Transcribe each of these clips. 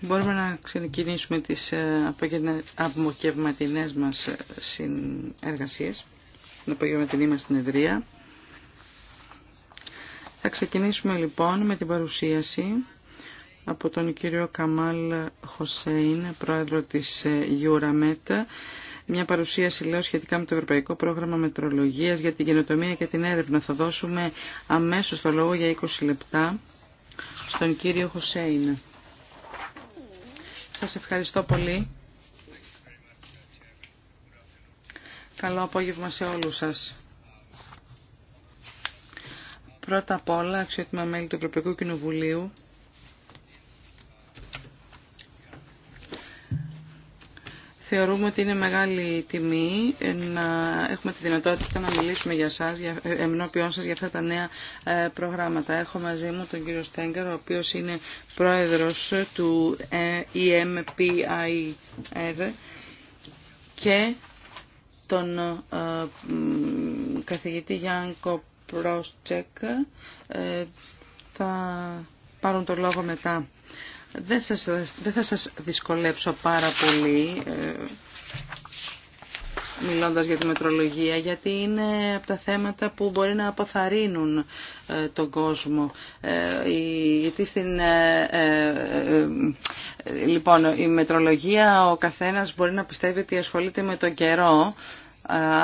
Μπορούμε να ξεκινήσουμε τις ε, απομοκευματινές μας ε, συνεργασίες, την απογευματινή μας συνεδρία. Θα ξεκινήσουμε λοιπόν με την παρουσίαση από τον κύριο Καμάλ Χωσέιν, πρόεδρο της ε, Euromet, μια παρουσίαση λέω σχετικά με το Ευρωπαϊκό Πρόγραμμα Μετρολογίας για την καινοτομία και την έρευνα. Θα δώσουμε αμέσως το λόγο για 20 λεπτά στον κύριο Χωσέιν. Σας ευχαριστώ πολύ. Καλό απόγευμα σε όλους σας. Πρώτα απ' όλα, αξιότιμα μέλη του Ευρωπαϊκού Κοινοβουλίου, Θεωρούμε ότι είναι μεγάλη τιμή να έχουμε τη δυνατότητα να μιλήσουμε για εσά, για, εμνόπιόν σας για αυτά τα νέα ε, προγράμματα. Έχω μαζί μου τον κύριο Στέγκερ, ο οποίος είναι πρόεδρος του ε, EMPIR και τον ε, καθηγητή Γιάνκο Πρόστσεκ. Θα πάρουν τον λόγο μετά. Δεν, θα σας δυσκολέψω πάρα πολύ ε, μιλώντας για τη μετρολογία, γιατί είναι από τα θέματα που μπορεί να αποθαρρύνουν ε, τον κόσμο. Ε, γιατί στην, λοιπόν, η μετρολογία ο καθένας μπορεί να πιστεύει ότι ασχολείται με τον καιρό,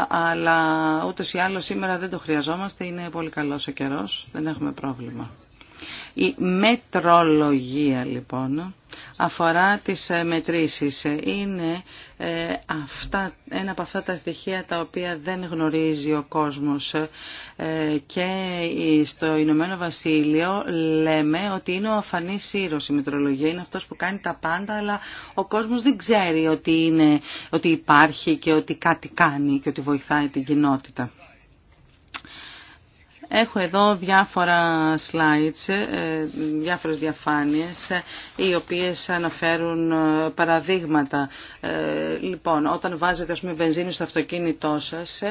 αλλά ούτως ή άλλως σήμερα δεν το χρειαζόμαστε, είναι πολύ καλός ο καιρός, δεν έχουμε πρόβλημα. Η μετρολογία λοιπόν αφορά τις ε, μετρήσεις. Είναι ε, αυτά, ένα από αυτά τα στοιχεία τα οποία δεν γνωρίζει ο κόσμος ε, και στο Ηνωμένο Βασίλειο λέμε ότι είναι ο αφανής σύρος η μετρολογία, είναι αυτός που κάνει τα πάντα αλλά ο κόσμος δεν ξέρει ότι, είναι, ότι υπάρχει και ότι κάτι κάνει και ότι βοηθάει την κοινότητα. Έχω εδώ διάφορα slides, ε, διάφορες διαφάνειες, ε, οι οποίες αναφέρουν ε, παραδείγματα. Λοιπόν, όταν βάζετε πούμε, βενζίνη στο αυτοκίνητό σας,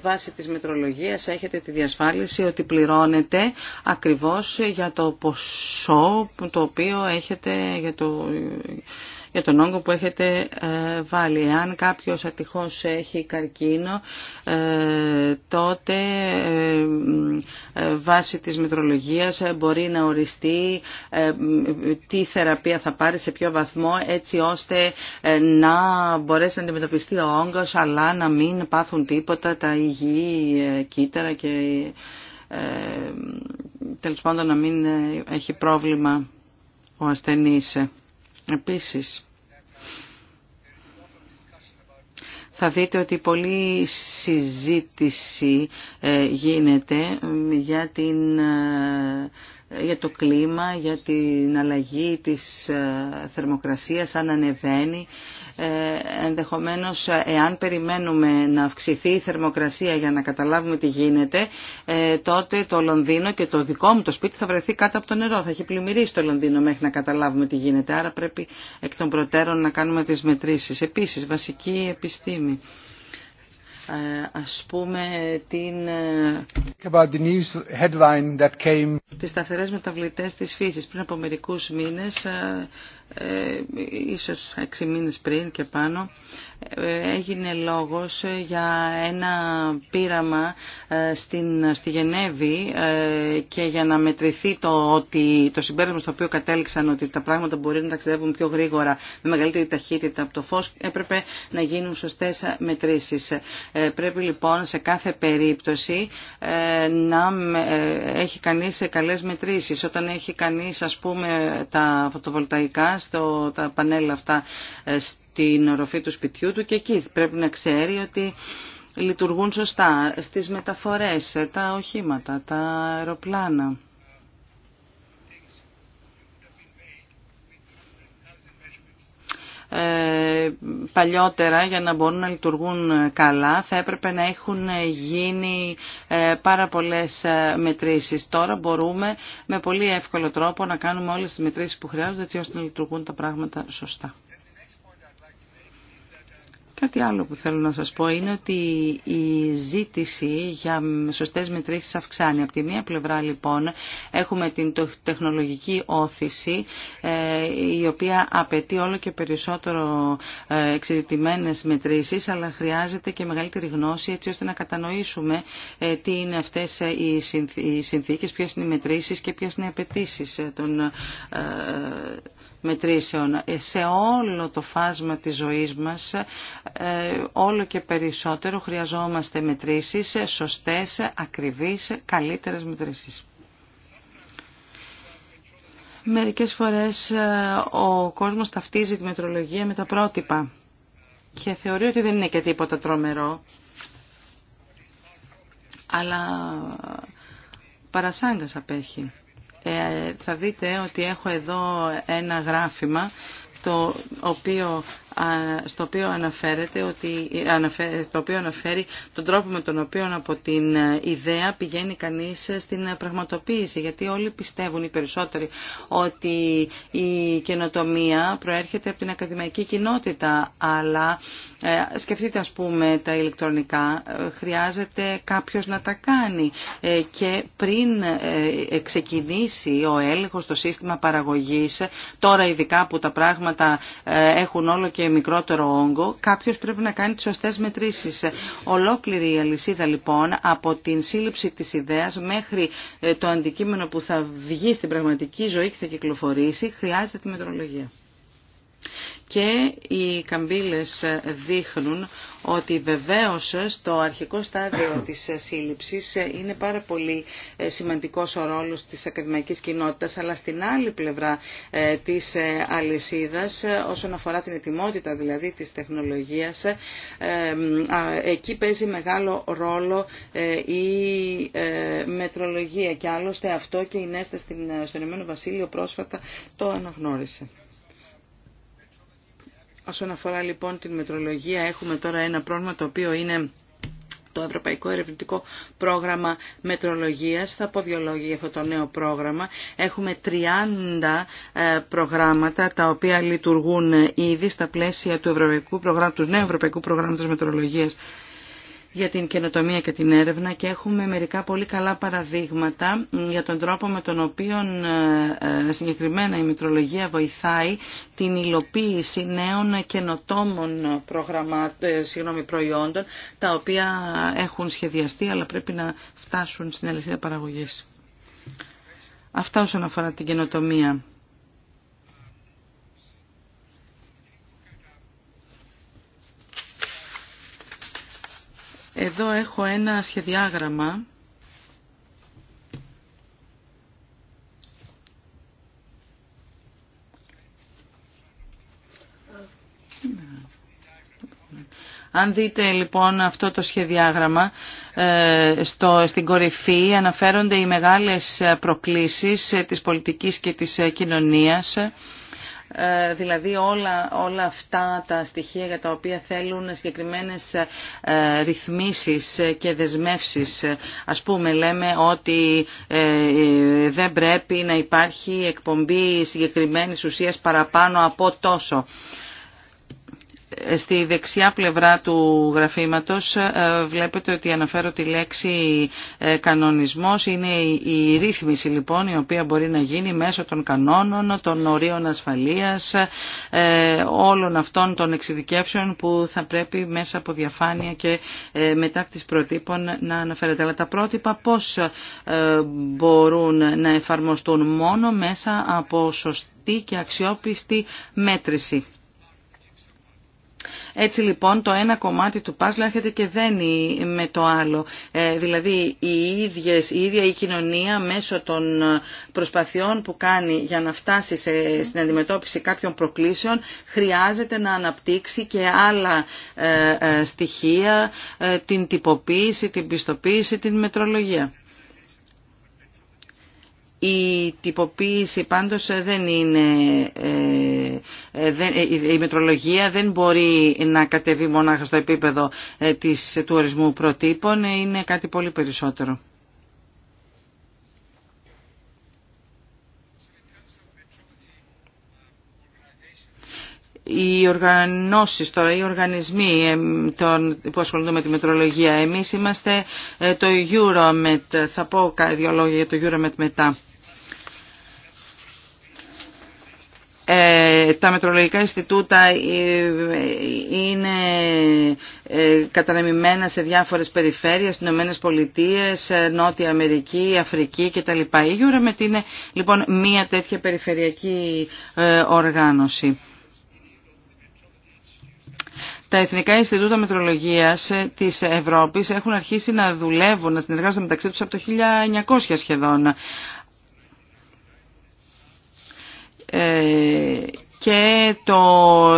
βάσει της μετρολογίας έχετε τη διασφάλιση ότι πληρώνετε ακριβώς για το ποσό το οποίο έχετε για το για τον όγκο που έχετε ε, βάλει. Εάν κάποιος ατυχώς έχει καρκίνο, ε, τότε ε, βάσει της μετρολογίας μπορεί να οριστεί τι θεραπεία θα πάρει, σε ποιο βαθμό, έτσι ώστε να μπορέσει να αντιμετωπιστεί ο όγκος, αλλά να μην πάθουν τίποτα τα υγιή κύτταρα και τέλος πάντων να μην έχει πρόβλημα ο ασθενής. Επίσης, θα δείτε ότι πολλή συζήτηση ε, γίνεται ε, για την ε, για το κλίμα, για την αλλαγή της ε, θερμοκρασίας, αν ανεβαίνει. Ε, ενδεχομένως, ε, εάν περιμένουμε να αυξηθεί η θερμοκρασία για να καταλάβουμε τι γίνεται, τότε το Λονδίνο και το δικό μου το σπίτι θα βρεθεί κάτω από το νερό. Θα έχει πλημμυρίσει το Λονδίνο μέχρι να καταλάβουμε τι γίνεται. Άρα πρέπει εκ των προτέρων να κάνουμε τις μετρήσεις. Επίσης, βασική επιστήμη. Ε, ας πούμε την... Ε, about the news headline that came... τις σταθερές μεταβλητές της φύσης. Πριν από μερικούς μήνες ε, ε, ίσως έξι μήνες πριν και πάνω, ε, έγινε λόγος για ένα πείραμα ε, στην, στη Γενέβη και για να μετρηθεί το, ότι, το συμπέρασμα στο οποίο κατέληξαν ότι τα πράγματα μπορεί να ταξιδεύουν πιο γρήγορα με μεγαλύτερη ταχύτητα από το φως έπρεπε να γίνουν σωστές μετρήσεις. Πρέπει λοιπόν σε κάθε περίπτωση να έχει κανείς καλές μετρήσεις. Όταν έχει κανείς ας πούμε τα φωτοβολταϊκά στο, τα πανέλα αυτά ε, στην οροφή του σπιτιού του και εκεί πρέπει να ξέρει ότι λειτουργούν σωστά στις μεταφορές, ε, τα οχήματα, τα αεροπλάνα. παλιότερα για να μπορούν να λειτουργούν καλά θα έπρεπε να έχουν γίνει ε, πάρα πολλές ε, μετρήσεις. Τώρα μπορούμε με πολύ εύκολο τρόπο να κάνουμε όλες τις μετρήσεις που χρειάζονται έτσι ώστε να λειτουργούν τα πράγματα σωστά. Κάτι άλλο που θέλω να σας πω είναι ότι η ζήτηση για σωστές μετρήσεις αυξάνει. Από τη μία πλευρά λοιπόν έχουμε την τεχνολογική όθηση ε, η οποία απαιτεί όλο και περισσότερο ε, εξειδητημένες μετρήσεις αλλά χρειάζεται και μεγαλύτερη γνώση έτσι ώστε να κατανοήσουμε ε, τι είναι αυτές οι συνθήκες, ποιες είναι οι μετρήσεις και ποιες είναι οι απαιτήσει των μετρήσεων. Ε, σε όλο το φάσμα της ζωής μας, ε, όλο και περισσότερο χρειαζόμαστε μετρήσεις, ε, σωστές, ακριβείς, καλύτερες μετρήσεις. Μερικές φορές ο κόσμος ταυτίζει τη μετρολογία με τα πρότυπα και θεωρεί ότι δεν είναι και τίποτα τρομερό. Αλλά παρασάγκας απέχει. Ε, θα δείτε ότι έχω εδώ ένα γράφημα το οποίο στο οποίο αναφέρεται ότι, το οποίο αναφέρει τον τρόπο με τον οποίο από την ε, ιδέα πηγαίνει κανείς στην πραγματοποίηση γιατί όλοι πιστεύουν οι περισσότεροι ότι η καινοτομία προέρχεται από την ακαδημαϊκή κοινότητα αλλά ε, σκεφτείτε ας πούμε τα ηλεκτρονικά ε, χρειάζεται κάποιος να τα κάνει και πριν ξεκινήσει ο έλεγχος, το σύστημα παραγωγής τώρα ειδικά που τα πράγματα έχουν όλο και μικρότερο όγκο, κάποιος πρέπει να κάνει τις σωστές μετρήσεις. Ολόκληρη η αλυσίδα λοιπόν από την σύλληψη της ιδέας μέχρι ε, το αντικείμενο που θα βγει στην πραγματική ζωή και θα κυκλοφορήσει χρειάζεται τη μετρολογία και οι καμπύλες δείχνουν ότι βεβαίως στο αρχικό στάδιο της σύλληψης είναι πάρα πολύ σημαντικός ο ρόλος της ακαδημαϊκής κοινότητας, αλλά στην άλλη πλευρά ε, της ε, αλυσίδας, ε, όσον αφορά την ετοιμότητα δηλαδή της τεχνολογίας, εκεί παίζει μεγάλο ρόλο η μετρολογία και άλλωστε αυτό και η Νέστα στον Ηνωμένο Βασίλειο πρόσφατα το αναγνώρισε. Όσον αφορά λοιπόν την μετρολογία έχουμε τώρα ένα πρόγραμμα το οποίο είναι το Ευρωπαϊκό Ερευνητικό Πρόγραμμα Μετρολογίας. Θα πω δύο λόγια για αυτό το νέο πρόγραμμα. Έχουμε 30 ε, προγράμματα τα οποία λειτουργούν ήδη στα πλαίσια του, Ευρωπαϊκού του νέου Ευρωπαϊκού Προγράμματος Μετρολογίας για την καινοτομία και την έρευνα και έχουμε μερικά πολύ καλά παραδείγματα για τον τρόπο με τον οποίο ε, συγκεκριμένα η Μητρολογία βοηθάει την υλοποίηση νέων καινοτόμων ε, συγγνώμη, προϊόντων τα οποία έχουν σχεδιαστεί αλλά πρέπει να φτάσουν στην αλυσίδα παραγωγής. Αυτά όσον αφορά την καινοτομία. Εδώ έχω ένα σχεδιάγραμμα Αν δείτε λοιπόν αυτό το σχεδιάγραμμα, ε, στο, στην κορυφή αναφέρονται οι μεγάλες προκλήσεις ε, της πολιτικής και της ε, κοινωνίας ε, δηλαδή όλα, όλα αυτά τα στοιχεία για τα οποία θέλουν συγκεκριμένες ε, ρυθμίσεις και δεσμεύσεις. Ας πούμε λέμε ότι ε, δεν πρέπει να υπάρχει εκπομπή συγκεκριμένης ουσίας παραπάνω από τόσο στη δεξιά πλευρά του γραφήματος ε, βλέπετε ότι αναφέρω τη λέξη ε, κανονισμός. Είναι η ρύθμιση λοιπόν η οποία μπορεί να γίνει μέσω των κανόνων, των ορίων ασφαλείας, ε, όλων αυτών των εξειδικεύσεων που θα πρέπει μέσα από διαφάνεια και μετά τις προτύπων να αναφέρεται. Αλλά τα πρότυπα πώς μπορούν να εφαρμοστούν μόνο μέσα από σωστή και αξιόπιστη μέτρηση. Έτσι λοιπόν το ένα κομμάτι του παζλ έρχεται και δένει με το άλλο. Ε, δηλαδή οι ίδιες, η ίδια η κοινωνία μέσω των προσπαθειών που κάνει για να φτάσει σε, στην αντιμετώπιση κάποιων προκλήσεων χρειάζεται να αναπτύξει και άλλα ε, ε, στοιχεία, την τυποποίηση, την πιστοποίηση, την μετρολογία. Η τυποποίηση πάντως δεν είναι, ε, ε, ε, η μετρολογία δεν μπορεί να κατεβεί μονάχα στο επίπεδο της, του ορισμού προτύπων, είναι κάτι πολύ περισσότερο. οι οργανώσει τώρα, οι οργανισμοί που ασχολούνται με τη μετρολογία. Εμείς είμαστε το Euromet. Θα πω δύο λόγια για το Euromet μετά. Ε, τα μετρολογικά Ινστιτούτα ε, είναι ε, καταναμημένα σε διάφορες περιφέρειες, στις Ηνωμένες Πολιτείες, Νότια Αμερική, Αφρική κτλ. Η EuroMet είναι λοιπόν μία τέτοια περιφερειακή οργάνωση. Τα Εθνικά Ινστιτούτα Μετρολογίας της Ευρώπης έχουν αρχίσει να δουλεύουν, να συνεργάζονται μεταξύ τους από το 1900 σχεδόν ε, και το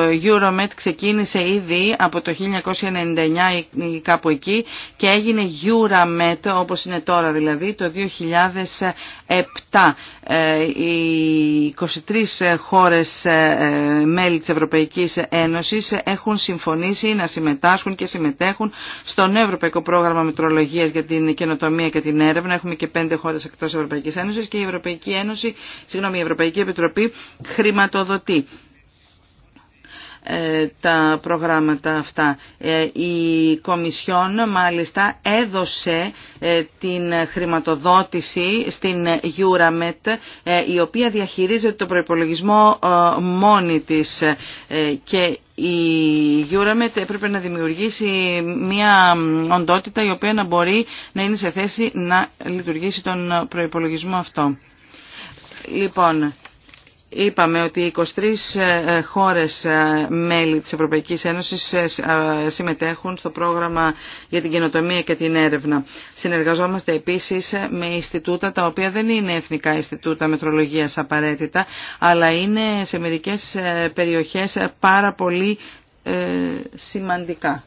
Euromet ξεκίνησε ήδη από το 1999 ή κάπου εκεί και έγινε Euromed όπως είναι τώρα δηλαδή το 2007. Ε, οι 23 χώρες ε, μέλη της Ευρωπαϊκής Ένωσης έχουν συμφωνήσει να συμμετάσχουν και συμμετέχουν στο νέο Ευρωπαϊκό Πρόγραμμα Μετρολογίας για την Καινοτομία και την Έρευνα. Έχουμε και πέντε χώρες εκτός Ευρωπαϊκής Ένωσης και η Ευρωπαϊκή, Ένωση, συγγνώμη, η Ευρωπαϊκή Επιτροπή χρηματοδοτεί. Ε, τα προγράμματα αυτά. Ε, η Κομισιόν μάλιστα έδωσε ε, την χρηματοδότηση στην Euramet η οποία διαχειρίζεται το προϋπολογισμό μόνη της και η Euramet έπρεπε να δημιουργήσει μια οντότητα η οποία να μπορεί να είναι σε θέση να λειτουργήσει τον προϋπολογισμό αυτό. Λοιπόν, Είπαμε ότι 23 ε, χώρες ε, μέλη της Ευρωπαϊκής Ένωσης ε, συμμετέχουν στο πρόγραμμα για την καινοτομία και την έρευνα. Συνεργαζόμαστε επίσης με Ινστιτούτα τα οποία δεν είναι εθνικά Ινστιτούτα Μετρολογίας απαραίτητα, αλλά είναι σε μερικές περιοχές πάρα πολύ σημαντικά.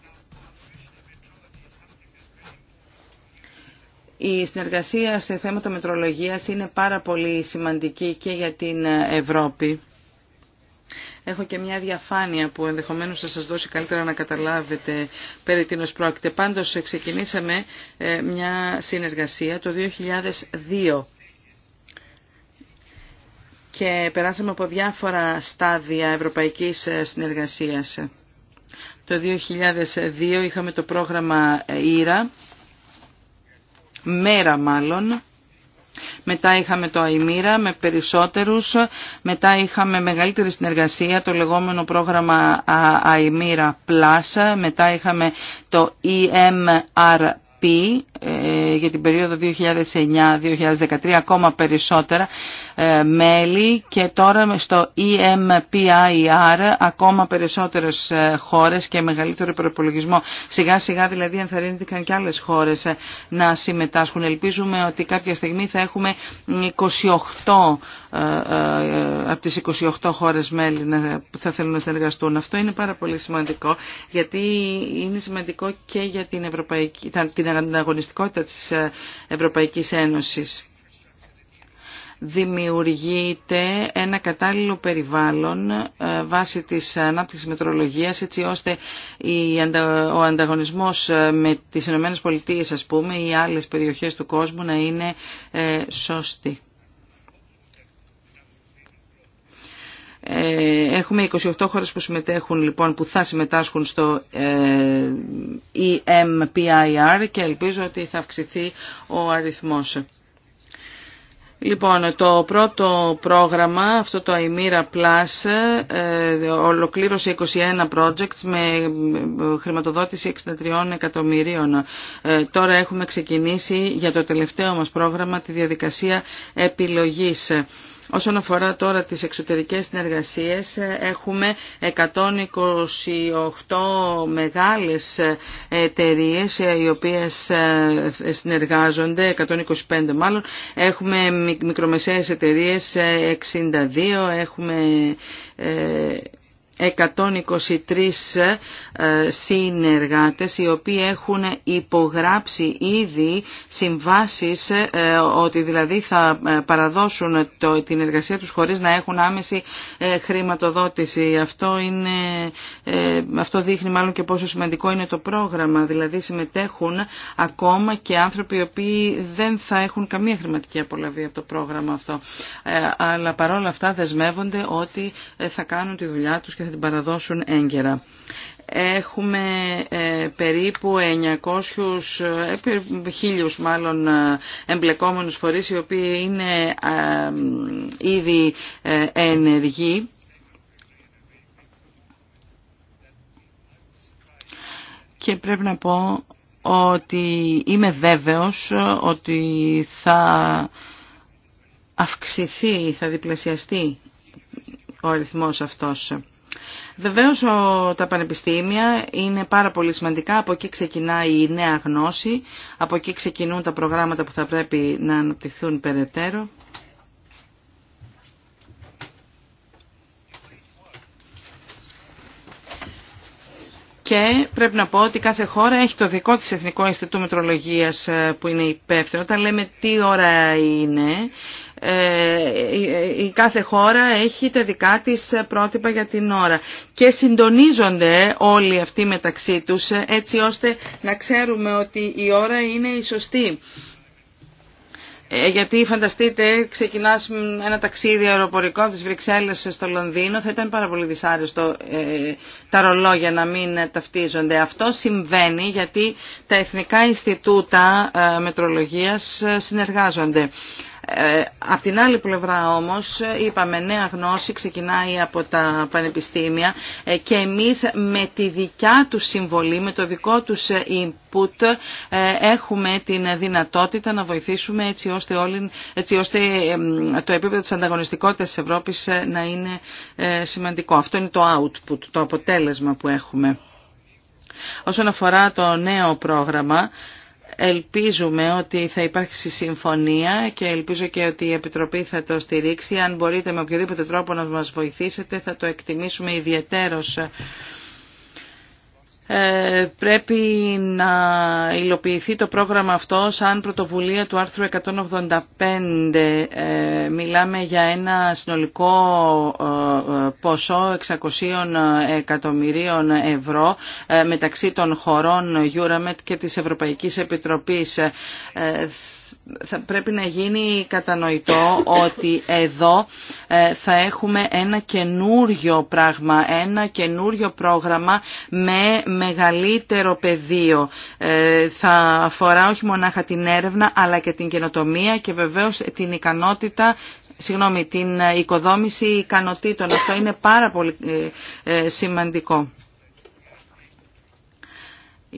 Η συνεργασία σε θέματα μετρολογίας είναι πάρα πολύ σημαντική και για την Ευρώπη. Έχω και μια διαφάνεια που ενδεχομένως θα σας δώσει καλύτερα να καταλάβετε περί τίνος πρόκειται. Πάντως ξεκινήσαμε ε, μια συνεργασία το 2002 και περάσαμε από διάφορα στάδια ευρωπαϊκής ε, συνεργασίας. Το 2002 είχαμε το πρόγραμμα ε, ΙΡΑ μέρα μάλλον. Μετά είχαμε το Αϊμύρα με περισσότερους, μετά είχαμε μεγαλύτερη συνεργασία, το λεγόμενο πρόγραμμα Αϊμύρα Plus, μετά είχαμε το EMRP ε, για την περίοδο 2009-2013 ακόμα περισσότερα ε, μέλη και τώρα στο EMPIR e ακόμα περισσότερες ε, χώρες και μεγαλύτερο προπολογισμό. Σιγά σιγά δηλαδή ενθαρρύνθηκαν και άλλες χώρες να συμμετάσχουν. Ελπίζουμε ότι κάποια στιγμή θα έχουμε 28 από τις 28 χώρες μέλη που θα θέλουν να συνεργαστούν. Αυτό είναι πάρα πολύ σημαντικό γιατί είναι σημαντικό και για την, ευρωπαϊκή, την αγωνιστική πραγματικότητα της ε, Ευρωπαϊκής Ένωσης δημιουργείται ένα κατάλληλο περιβάλλον ε, βάσει της ανάπτυξης μετρολογίας έτσι ώστε ο ανταγωνισμός ε, με τις ΗΠΑ ας πούμε ή άλλες περιοχές του κόσμου να είναι σωστή. Ε, έχουμε 28 χώρες που συμμετέχουν λοιπόν, που θα συμμετάσχουν στο ε, EMPIR και ελπίζω ότι θα αυξηθεί ο αριθμός. Λοιπόν, το πρώτο πρόγραμμα, αυτό το Aimira Plus, ε, ολοκλήρωσε 21 projects με χρηματοδότηση 63 εκατομμυρίων. Τώρα έχουμε ξεκινήσει για το τελευταίο μας πρόγραμμα τη διαδικασία επιλογής. Όσον αφορά τώρα τις εξωτερικές συνεργασίες, έχουμε 128 μεγάλες εταιρείε ε, οι οποίες ε, συνεργάζονται, 125 μάλλον. Έχουμε μικρομεσαίες εταιρείε 62, ε, έχουμε 123 ε, συνεργάτες οι οποίοι έχουν υπογράψει ήδη συμβάσεις ε, ότι δηλαδή θα ε, παραδώσουν το, την εργασία τους χωρίς να έχουν άμεση χρηματοδότηση. Αυτό, είναι, αυτό δείχνει μάλλον και πόσο σημαντικό είναι το πρόγραμμα. Δηλαδή συμμετέχουν ακόμα και άνθρωποι οι οποίοι δεν θα έχουν καμία χρηματική απολαβή από το πρόγραμμα αυτό. Αλλά παρόλα αυτά δεσμεύονται ότι θα κάνουν τη δουλειά τους θα την παραδώσουν έγκαιρα. Έχουμε ε, περίπου 900, ε, χίλιους μάλλον ε, εμπλεκόμενους φορείς οι οποίοι είναι ήδη ενεργοί. Και πρέπει να πω ότι είμαι βέβαιος ότι θα αυξηθεί, θα διπλασιαστεί ο αριθμός αυτός. Βεβαίω τα πανεπιστήμια είναι πάρα πολύ σημαντικά, από εκεί ξεκινάει η νέα γνώση, από εκεί ξεκινούν τα προγράμματα που θα πρέπει να αναπτυχθούν περαιτέρω. Και πρέπει να πω ότι κάθε χώρα έχει το δικό της Εθνικό Ινστιτούτο Μετρολογίας ε, που είναι υπεύθυνο. Όταν λέμε τι ώρα είναι, ε, η κάθε χώρα έχει τα δικά της πρότυπα για την ώρα και συντονίζονται όλοι αυτοί μεταξύ τους έτσι ώστε να ξέρουμε ότι η ώρα είναι η σωστή. Ε, γιατί φανταστείτε, ξεκινά ένα ταξίδι αεροπορικό από τι Βρυξέλλε στο Λονδίνο, θα ήταν πάρα πολύ δυσάρεστο ε, τα ρολόγια να μην ταυτίζονται. Αυτό συμβαίνει γιατί τα Εθνικά Ινστιτούτα Μετρολογία συνεργάζονται. Ε, απ' την άλλη πλευρά όμως είπαμε νέα γνώση ξεκινάει από τα πανεπιστήμια ε, και εμείς με τη δικιά του συμβολή, με το δικό τους ε, input έχουμε την δυνατότητα να βοηθήσουμε έτσι ώστε, όλοι, έτσι ώστε το επίπεδο της ανταγωνιστικότητας της Ευρώπης να είναι σημαντικό. Αυτό είναι το output, το αποτέλεσμα που έχουμε. Όσον αφορά το νέο πρόγραμμα, Ελπίζουμε ότι θα υπάρξει συμφωνία και ελπίζω και ότι η Επιτροπή θα το στηρίξει. Αν μπορείτε με οποιοδήποτε τρόπο να μας βοηθήσετε θα το εκτιμήσουμε ιδιαίτερος. Ε, πρέπει να υλοποιηθεί το πρόγραμμα αυτό σαν πρωτοβουλία του άρθρου 185. Ε, μιλάμε για ένα συνολικό ε, ποσό 600 εκατομμυρίων ευρώ μεταξύ των χωρών Euramet και της Ευρωπαϊκής Επιτροπής θα πρέπει να γίνει κατανοητό ότι εδώ ε, θα έχουμε ένα καινούριο πράγμα, ένα καινούριο πρόγραμμα με μεγαλύτερο πεδίο. Ε, θα αφορά όχι μονάχα την έρευνα αλλά και την καινοτομία και βεβαίως την ικανότητα Συγγνώμη, την οικοδόμηση ικανοτήτων. Αυτό είναι πάρα πολύ ε, σημαντικό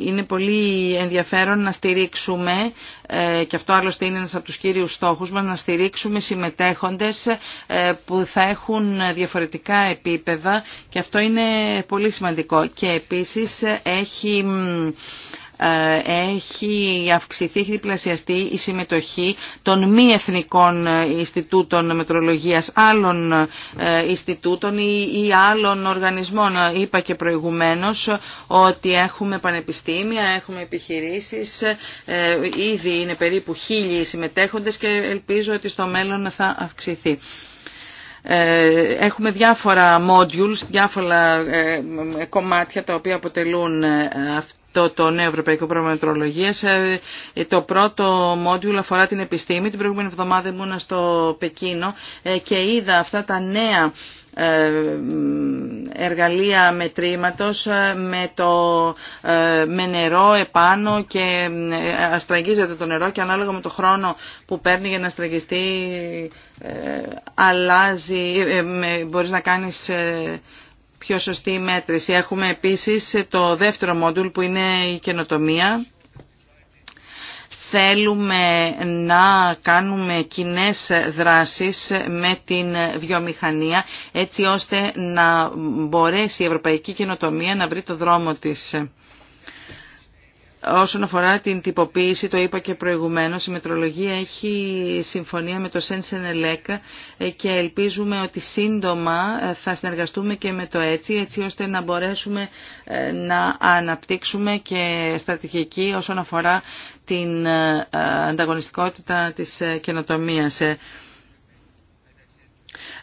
είναι πολύ ενδιαφέρον να στηρίξουμε, ε, και αυτό άλλωστε είναι ένας από τους κύριους στόχους μας, να στηρίξουμε συμμετέχοντες ε, που θα έχουν διαφορετικά επίπεδα και αυτό είναι πολύ σημαντικό. Και επίσης ε, έχει ε, έχει αυξηθεί, έχει διπλασιαστεί η συμμετοχή των μη εθνικών ε, Ινστιτούτων Μετρολογίας, άλλων ε, Ινστιτούτων ή άλλων οργανισμών. Είπα και προηγουμένως ότι έχουμε πανεπιστήμια, έχουμε επιχειρήσεις, ήδη είναι περίπου χίλιοι συμμετέχοντες και ελπίζω ότι στο μέλλον θα αυξηθεί έχουμε διάφορα modules, διάφορα κομμάτια τα οποία αποτελούν το νέο Ευρωπαϊκό Πρόγραμμα Μετρολογίας. Ε, ε, το πρώτο μόντιουλ αφορά την επιστήμη. Την προηγούμενη εβδομάδα ήμουνα στο Πεκίνο ε, και είδα αυτά τα νέα εργαλεία μετρήματος με, το, με νερό επάνω και αστραγγίζεται το νερό και ανάλογα με το χρόνο που παίρνει για να αστραγγιστεί αλλάζει, μπορείς να κάνεις πιο σωστή μέτρηση. Έχουμε επίσης το δεύτερο μόντουλ που είναι η καινοτομία. Θέλουμε να κάνουμε κοινέ δράσεις με την βιομηχανία έτσι ώστε να μπορέσει η ευρωπαϊκή καινοτομία να βρει το δρόμο της. Όσον αφορά την τυποποίηση, το είπα και προηγουμένως, η Μετρολογία έχει συμφωνία με το Σένσεν και ελπίζουμε ότι σύντομα θα συνεργαστούμε και με το έτσι, έτσι ώστε να μπορέσουμε ε, να αναπτύξουμε και στρατηγική όσον αφορά την ε, ανταγωνιστικότητα της ε, καινοτομίας.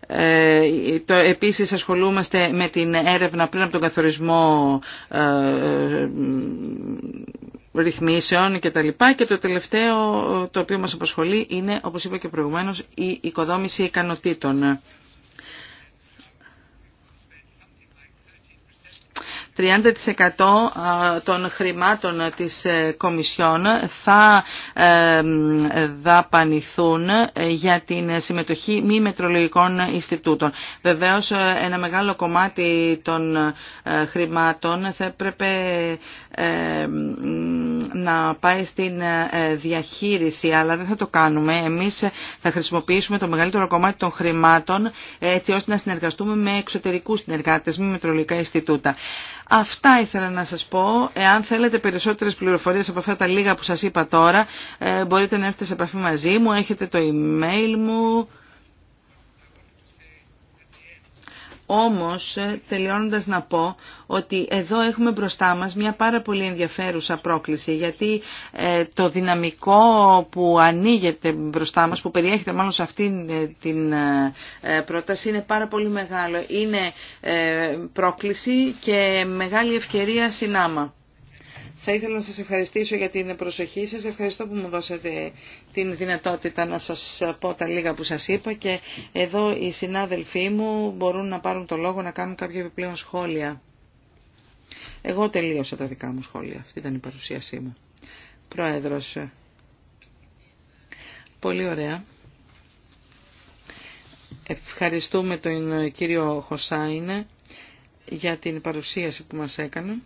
Ε, το, επίσης ασχολούμαστε με την έρευνα πριν από τον καθορισμό ρυθμίσεων και τα λοιπά και το τελευταίο το οποίο μας απασχολεί είναι όπως είπα και προηγουμένως η οικοδόμηση ικανοτήτων. 30% των χρημάτων της ε, Κομισιόν θα ε, δαπανηθούν ε, για την συμμετοχή μη μετρολογικών Ινστιτούτων. Βεβαίως ένα μεγάλο κομμάτι των χρημάτων θα έπρεπε να πάει στην ε, διαχείριση, αλλά δεν θα το κάνουμε. Εμείς θα χρησιμοποιήσουμε το μεγαλύτερο κομμάτι των χρημάτων έτσι ώστε να συνεργαστούμε με εξωτερικούς συνεργάτες, με μετρολογικά ιστιτούτα Αυτά ήθελα να σας πω. Εάν θέλετε περισσότερες πληροφορίες από αυτά τα λίγα που σας είπα τώρα, ε, μπορείτε να έρθετε σε επαφή μαζί μου, έχετε το email μου. Όμως, τελειώνοντας να πω ότι εδώ έχουμε μπροστά μας μια πάρα πολύ ενδιαφέρουσα πρόκληση γιατί ε, το δυναμικό που ανοίγεται μπροστά μας, που περιέχεται μάλλον σε αυτή ε, την ε, πρόταση είναι πάρα πολύ μεγάλο. Είναι πρόκληση και μεγάλη ευκαιρία συνάμα. Θα ήθελα να σας ευχαριστήσω για την προσοχή σας. Ευχαριστώ που μου δώσατε την δυνατότητα να σας πω τα λίγα που σας είπα και εδώ οι συνάδελφοί μου μπορούν να πάρουν το λόγο να κάνουν κάποια επιπλέον σχόλια. Εγώ τελείωσα τα δικά μου σχόλια. Αυτή ήταν η παρουσίασή μου. Πρόεδρος. Πολύ ωραία. Ευχαριστούμε τον κύριο Χωσάινε για την παρουσίαση που μας έκανε.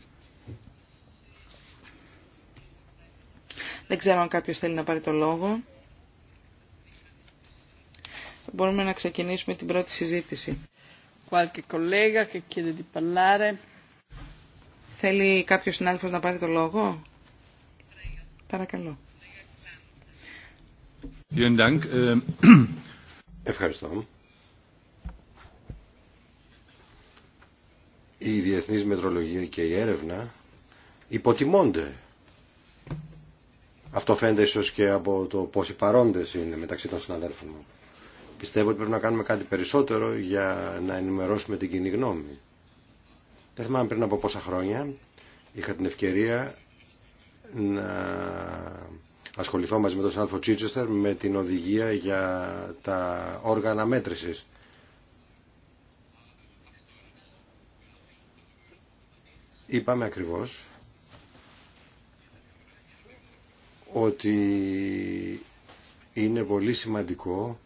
Δεν ξέρω αν κάποιος θέλει να πάρει το λόγο. Μπορούμε να ξεκινήσουμε την πρώτη συζήτηση. Θέλει κάποιος συνάδελφος να πάρει το λόγο. Παρακαλώ. Ε, Ευχαριστώ. Η διεθνής μετρολογία και η έρευνα υποτιμώνται αυτό φαίνεται ίσω και από το πόσοι παρόντε είναι μεταξύ των συναδέλφων μου. Πιστεύω ότι πρέπει να κάνουμε κάτι περισσότερο για να ενημερώσουμε την κοινή γνώμη. Δεν θυμάμαι πριν από πόσα χρόνια είχα την ευκαιρία να ασχοληθώ μαζί με τον Σάλφο Τσίτσεστερ με την οδηγία για τα όργανα μέτρησης. Είπαμε ακριβώς ότι είναι πολύ σημαντικό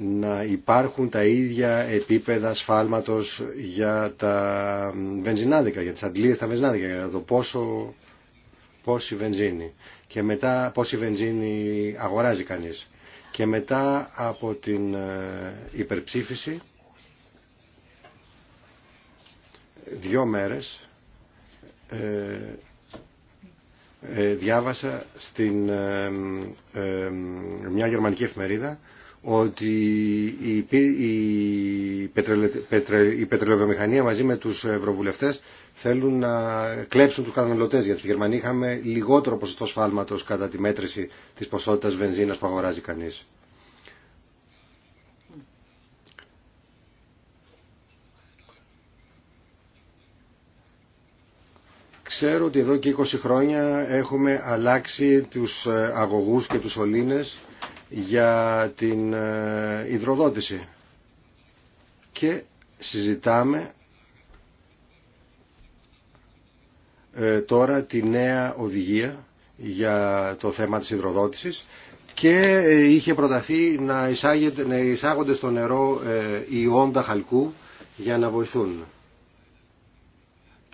να υπάρχουν τα ίδια επίπεδα σφάλματος για τα βενζινάδικα, για τις αντλίες τα βενζινάδικα, για το πόσο, πόση βενζίνη και μετά πόση βενζίνη αγοράζει κανείς. Και μετά από την ε, υπερψήφιση, δύο μέρες, ε, ε, διάβασα στην ε, ε, μια γερμανική εφημερίδα ότι η, η, η πετρελαιοβιομηχανία μαζί με τους ευρωβουλευτές θέλουν να κλέψουν τους καταναλωτές γιατί στη Γερμανία είχαμε λιγότερο ποσοστό σφάλματος κατά τη μέτρηση της ποσότητας βενζίνας που αγοράζει κανείς. Ξέρω ότι εδώ και 20 χρόνια έχουμε αλλάξει τους ε, αγωγούς και τους σωλήνες για την ε, υδροδότηση και συζητάμε ε, τώρα τη νέα οδηγία για το θέμα της υδροδότησης και είχε προταθεί να, εισάγεται, να εισάγονται στο νερό ε, οι όντα χαλκού για να βοηθούν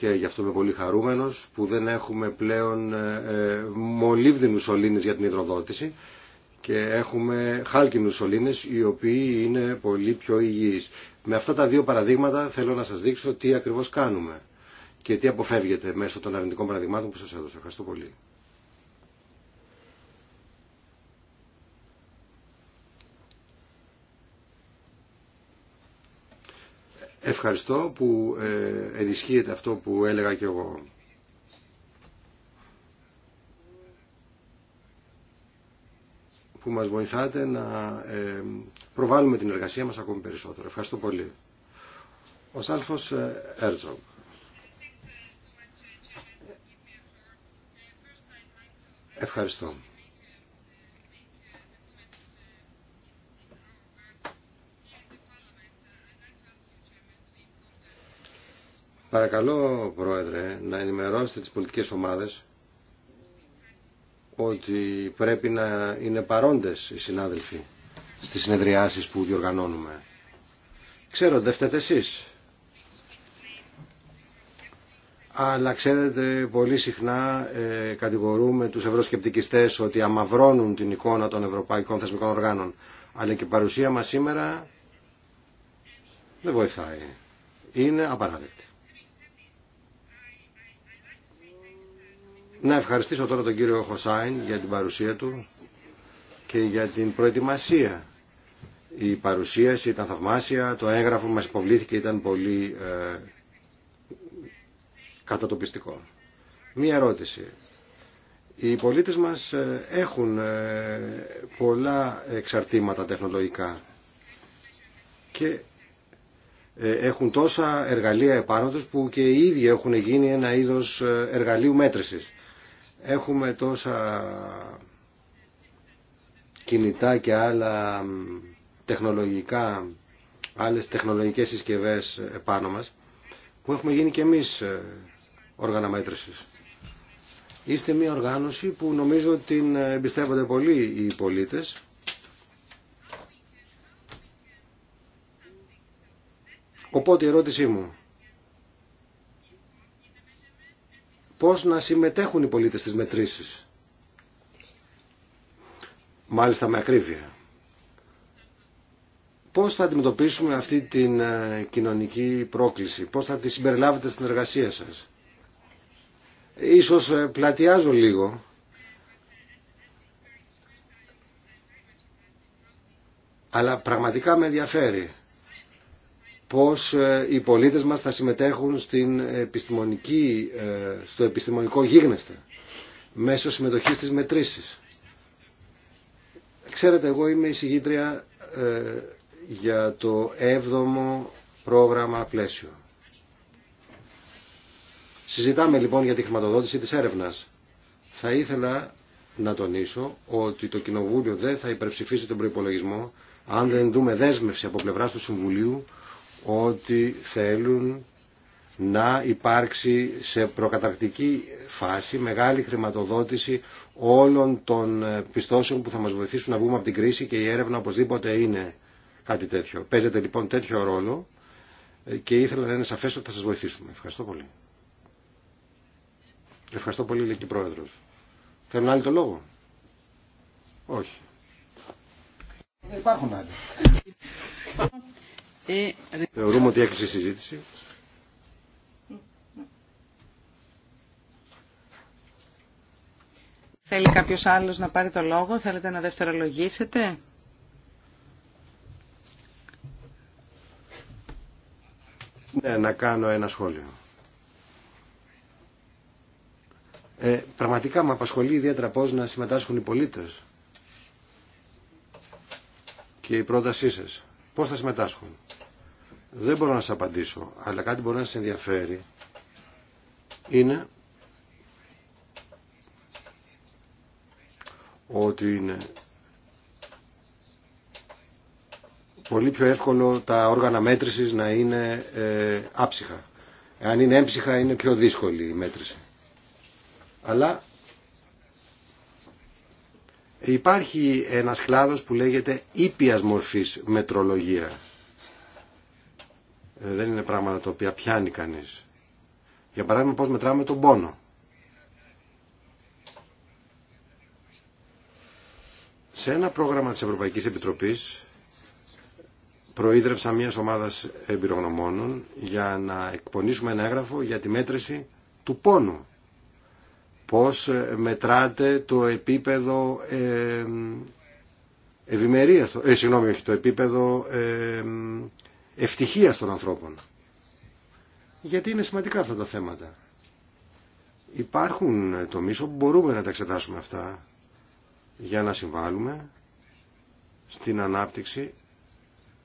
και γι' αυτό είμαι πολύ χαρούμενος που δεν έχουμε πλέον ε, ε μολύβδινους σωλήνες για την υδροδότηση και έχουμε χάλκινους σωλήνες οι οποίοι είναι πολύ πιο υγιείς. Με αυτά τα δύο παραδείγματα θέλω να σας δείξω τι ακριβώς κάνουμε και τι αποφεύγεται μέσω των αρνητικών παραδειγμάτων που σας έδωσα. Ευχαριστώ πολύ. Ευχαριστώ που ε, ενισχύεται αυτό που έλεγα και εγώ. που μας βοηθάτε να ε, προβάλλουμε την εργασία μας ακόμη περισσότερο. Ευχαριστώ πολύ. Ο Σάλφος ε, Έρτζογκ. Ευχαριστώ. Παρακαλώ, Πρόεδρε, να ενημερώσετε τις πολιτικές ομάδες ότι πρέπει να είναι παρόντες οι συνάδελφοι στις συνεδριάσεις που διοργανώνουμε. Ξέρω, δεν φταίτε εσείς. Αλλά ξέρετε, πολύ συχνά ε, κατηγορούμε τους ευρωσκεπτικιστές ότι αμαυρώνουν την εικόνα των ευρωπαϊκών θεσμικών οργάνων. Αλλά και η παρουσία μας σήμερα δεν βοηθάει. Είναι απαράδεκτη. Να ευχαριστήσω τώρα τον κύριο Χωσάιν για την παρουσία του και για την προετοιμασία. Η παρουσίαση ήταν θαυμάσια, το έγγραφο μας υποβλήθηκε ήταν πολύ ε, κατατοπιστικό. Μία ερώτηση. Οι πολίτες μας ε, έχουν ε, πολλά εξαρτήματα τεχνολογικά και ε, έχουν τόσα εργαλεία επάνω τους που και οι ίδιοι έχουν γίνει ένα είδος εργαλείου μέτρησης. Έχουμε τόσα κινητά και άλλα τεχνολογικά, άλλες τεχνολογικές συσκευές επάνω μας, που έχουμε γίνει και εμείς ε, όργανα μέτρησης. Είστε μια οργάνωση που νομίζω την ε, εμπιστεύονται πολύ οι πολίτες. Οπότε η ερώτησή μου, πώς να συμμετέχουν οι πολίτες στις μετρήσεις. Μάλιστα με ακρίβεια. Πώς θα αντιμετωπίσουμε αυτή την ε, κοινωνική πρόκληση, πώς θα τη συμπεριλάβετε στην εργασία σας. Ίσως ε, πλατιάζω λίγο, αλλά πραγματικά με ενδιαφέρει πώς ε, οι πολίτες μας θα συμμετέχουν στην επιστημονική, ε, στο επιστημονικό γίγνεσθε μέσω συμμετοχής της μετρήσεις. Ξέρετε, εγώ είμαι εισηγήτρια ε, για το 7ο πρόγραμμα πλαίσιο. Συζητάμε λοιπόν για τη χρηματοδότηση της έρευνας. Θα ήθελα να τονίσω ότι το Κοινοβούλιο δεν θα υπερψηφίσει τον προϋπολογισμό αν δεν δούμε δέσμευση από πλευράς του Συμβουλίου ότι θέλουν να υπάρξει σε προκαταρκτική φάση μεγάλη χρηματοδότηση όλων των ε, πιστώσεων που θα μας βοηθήσουν να βγούμε από την κρίση και η έρευνα οπωσδήποτε είναι κάτι τέτοιο. Παίζεται λοιπόν τέτοιο ρόλο ε, και ήθελα να είναι σαφές ότι θα σας βοηθήσουμε. Ευχαριστώ πολύ. Ευχαριστώ πολύ, λέει και Πρόεδρος. Θέλουν άλλοι το λόγο. Όχι. Δεν υπάρχουν άλλοι. Ε, Θεωρούμε ότι έκλεισε η συζήτηση. Θέλει κάποιος άλλος να πάρει το λόγο, θέλετε να δευτερολογήσετε. Ναι, να κάνω ένα σχόλιο. Ε, πραγματικά με απασχολεί ιδιαίτερα πώς να συμμετάσχουν οι πολίτες και οι πρότασή σας. Πώς θα συμμετάσχουν δεν μπορώ να σας απαντήσω, αλλά κάτι μπορεί να σε ενδιαφέρει είναι ότι είναι πολύ πιο εύκολο τα όργανα μέτρησης να είναι ε, άψυχα. Αν είναι έμψυχα είναι πιο δύσκολη η μέτρηση. Αλλά υπάρχει ένας κλάδος που λέγεται ήπιας μορφής μετρολογία ε, δεν είναι πράγματα τα οποία πιάνει κανείς. Για παράδειγμα πώς μετράμε τον πόνο. Σε ένα πρόγραμμα της Ευρωπαϊκής Επιτροπής προείδρευσα μια ομάδα εμπειρογνωμόνων για να εκπονήσουμε ένα έγγραφο για τη μέτρηση του πόνου. Πώς ε, μετράτε το επίπεδο ε, ευημερίας, ε, συγγνώμη, όχι, το επίπεδο ε, Ευτυχία των ανθρώπων. Γιατί είναι σημαντικά αυτά τα θέματα. Υπάρχουν τομείς όπου μπορούμε να τα εξετάσουμε αυτά για να συμβάλλουμε στην ανάπτυξη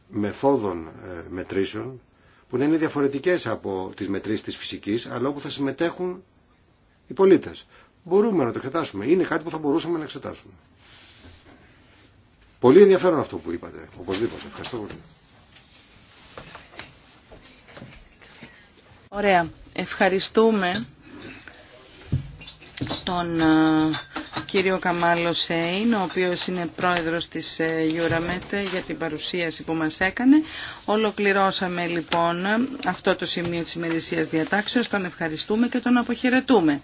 μεθόδων ε, μετρήσεων που να είναι διαφορετικές από τις μετρήσεις της φυσικής αλλά όπου θα συμμετέχουν οι πολίτες. Μπορούμε να το εξετάσουμε. Είναι κάτι που θα μπορούσαμε να εξετάσουμε. Πολύ ενδιαφέρον αυτό που είπατε. Οπωσδήποτε. Ευχαριστώ πολύ. Ωραία. Ευχαριστούμε τον ε, κύριο Καμάλο Σέιν, ο οποίος είναι πρόεδρος της ε, Euromet για την παρουσίαση που μας έκανε. Ολοκληρώσαμε λοιπόν αυτό το σημείο της ημερησίας διατάξεως, τον ευχαριστούμε και τον αποχαιρετούμε.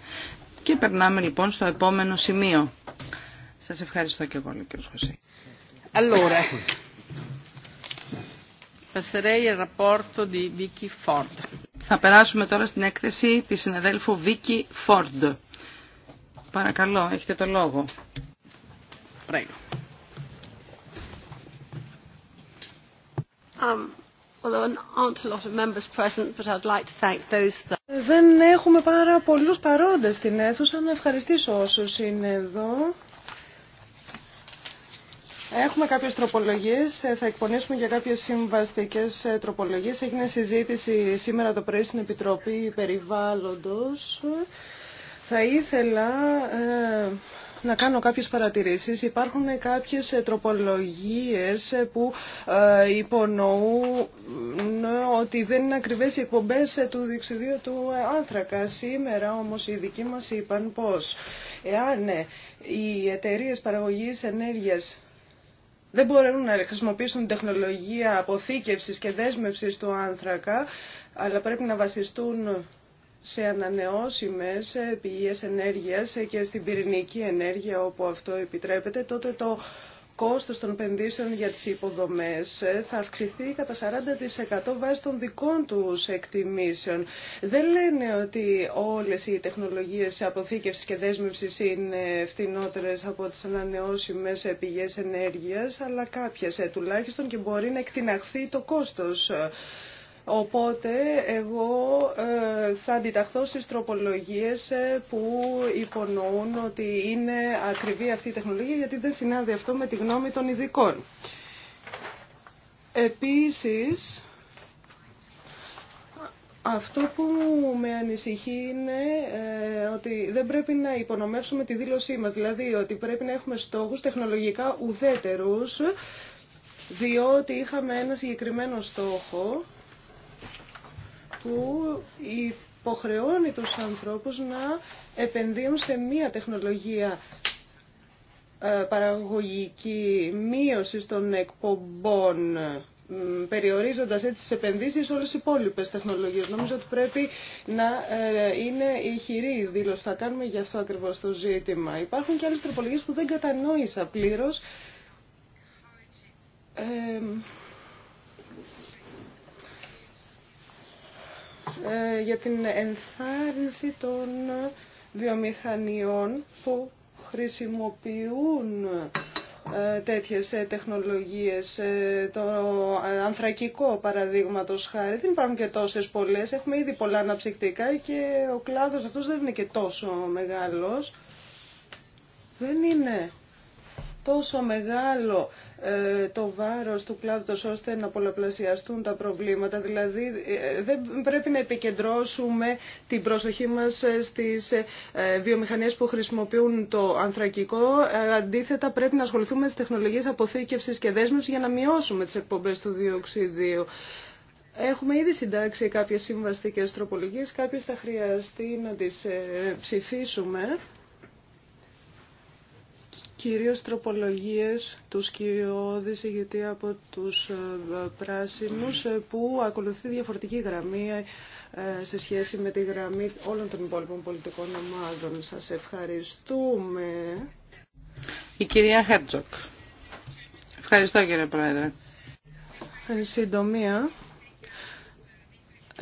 Και περνάμε λοιπόν στο επόμενο σημείο. Σας ευχαριστώ και εγώ, κύριο Χωσέ. Allora, passerei al rapporto di Ford. Θα περάσουμε τώρα στην έκθεση της συναδέλφου Βίκη Φόρντ. Παρακαλώ, έχετε το λόγο. Um, Δεν έχουμε πάρα πολλούς παρόντες στην αίθουσα. Να ευχαριστήσω όσους είναι εδώ. Έχουμε κάποιες τροπολογίε. Ε, θα εκπονήσουμε για κάποιες συμβαστικές ε, τροπολογίε, Έγινε συζήτηση σήμερα το πρωί στην Επιτροπή Περιβάλλοντος. Θα ήθελα ε, να κάνω κάποιες παρατηρήσεις. Υπάρχουν κάποιες τροπολογίες που υπονοούν ότι δεν είναι ακριβές οι εκπομπές του διοξιδίου του άνθρακα. Σήμερα όμως οι δικοί μας είπαν πως εάν οι εταιρείες παραγωγής ενέργειας δεν μπορούν να χρησιμοποιήσουν τεχνολογία αποθήκευσης και δέσμευσης του άνθρακα, αλλά πρέπει να βασιστούν σε ανανεώσιμες πηγές ενέργειας και στην πυρηνική ενέργεια όπου αυτό επιτρέπεται, τότε το κόστος των επενδύσεων για τις υποδομές ε, θα αυξηθεί κατά 40% βάσει των δικών τους εκτιμήσεων. Δεν λένε ότι όλες οι τεχνολογίες αποθήκευσης και δέσμευσης είναι φθηνότερες από τις ανανεώσιμες πηγές ενέργειας, αλλά κάποιες ε, τουλάχιστον και μπορεί να εκτιναχθεί το κόστος ε, Οπότε εγώ ε, θα αντιταχθώ στις τροπολογίες ε, που υπονοούν ότι είναι ακριβή αυτή η τεχνολογία γιατί δεν συνάδει αυτό με τη γνώμη των ειδικών. Επίσης, αυτό που με ανησυχεί είναι ε, ότι δεν πρέπει να υπονομεύσουμε τη δήλωσή μας, δηλαδή ότι πρέπει να έχουμε στόχους τεχνολογικά ουδέτερους, διότι είχαμε ένα συγκεκριμένο στόχο που υποχρεώνει τους ανθρώπους να επενδύουν σε μία τεχνολογία ε, παραγωγική μείωση των εκπομπών περιορίζοντας έτσι τις επενδύσεις όλες τις υπόλοιπες τεχνολογίες. Νομίζω ότι πρέπει να ε, είναι η χειρή δήλωση. Θα κάνουμε γι' αυτό ακριβώς το ζήτημα. Υπάρχουν και άλλες τροπολογίες που δεν κατανόησα πλήρως. Ε, Ε, για την ενθάρρυνση των βιομηχανιών που χρησιμοποιούν ε, τέτοιες ε, τεχνολογίες. Το ανθρακικό παραδείγματος χάρη, δεν υπάρχουν και τόσες πολλές, έχουμε ήδη πολλά αναψυκτικά και ο κλάδος αυτός δεν είναι και τόσο μεγάλος. Δεν είναι τόσο μεγάλο ε, το βάρος του κλάδου ώστε να πολλαπλασιαστούν τα προβλήματα. Δηλαδή ε, δεν πρέπει να επικεντρώσουμε την προσοχή μας ε, στις βιομηχανίες που χρησιμοποιούν το ανθρακικό. Αντίθετα πρέπει να ασχοληθούμε στις τεχνολογίες αποθήκευσης και δέσμευσης για να μειώσουμε τις εκπομπές του διοξιδίου. Έχουμε ήδη συντάξει κάποιες συμβαστικές τροπολογίες, κάποιες θα χρειαστεί να τις ψηφίσουμε κυρίως τροπολογίες του σκιώδης ηγετή από τους ε, πράσινους ε, που ακολουθεί διαφορετική γραμμή ε, σε σχέση με τη γραμμή όλων των υπόλοιπων πολιτικών ομάδων. Σας ευχαριστούμε. Η κυρία Χέρτζοκ. Ευχαριστώ κύριε Πρόεδρε. συντομία,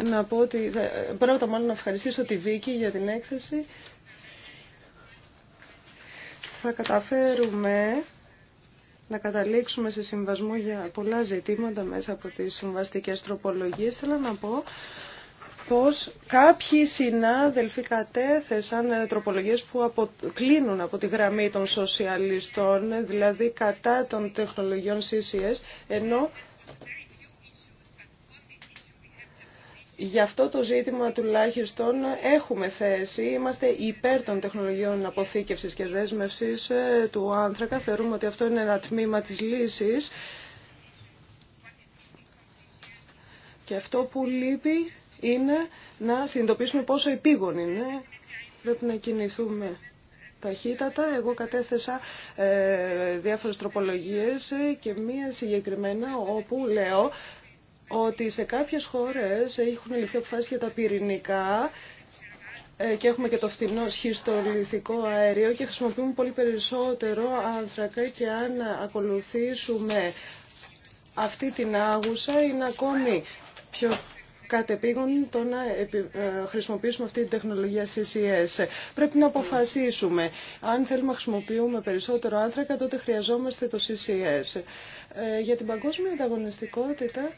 να πω ότι πρώτα μάλλον να ευχαριστήσω τη Βίκη για την έκθεση θα καταφέρουμε να καταλήξουμε σε συμβασμό για πολλά ζητήματα μέσα από τις συμβαστικές τροπολογίες. Θέλω να πω πως κάποιοι συνάδελφοι κατέθεσαν ε, τροπολογίες που κλείνουν από τη γραμμή των σοσιαλιστών, δηλαδή κατά των τεχνολογιών CCS, ενώ για αυτό το ζήτημα τουλάχιστον έχουμε θέση. Είμαστε υπέρ των τεχνολογιών αποθήκευσης και δέσμευσης ε, του άνθρακα. Θεωρούμε ότι αυτό είναι ένα τμήμα της λύσης. Και αυτό που λείπει είναι να συνειδητοποιήσουμε πόσο επίγον είναι. Πρέπει να κινηθούμε ταχύτατα. Εγώ κατέθεσα ε, διάφορες τροπολογίες και μία συγκεκριμένα όπου λέω ότι σε κάποιες χώρες έχουν ληφθεί αποφάσεις για τα πυρηνικά ε, και έχουμε και το φθηνό σχιστολιθικό αέριο και χρησιμοποιούμε πολύ περισσότερο άνθρακα και αν ακολουθήσουμε αυτή την άγουσα είναι ακόμη πιο κατεπήγον το να ε, χρησιμοποιήσουμε αυτή την τεχνολογία CCS. Πρέπει να αποφασίσουμε. Αν θέλουμε να χρησιμοποιούμε περισσότερο άνθρακα, τότε χρειαζόμαστε το CCS. Ε, για την παγκόσμια ανταγωνιστικότητα,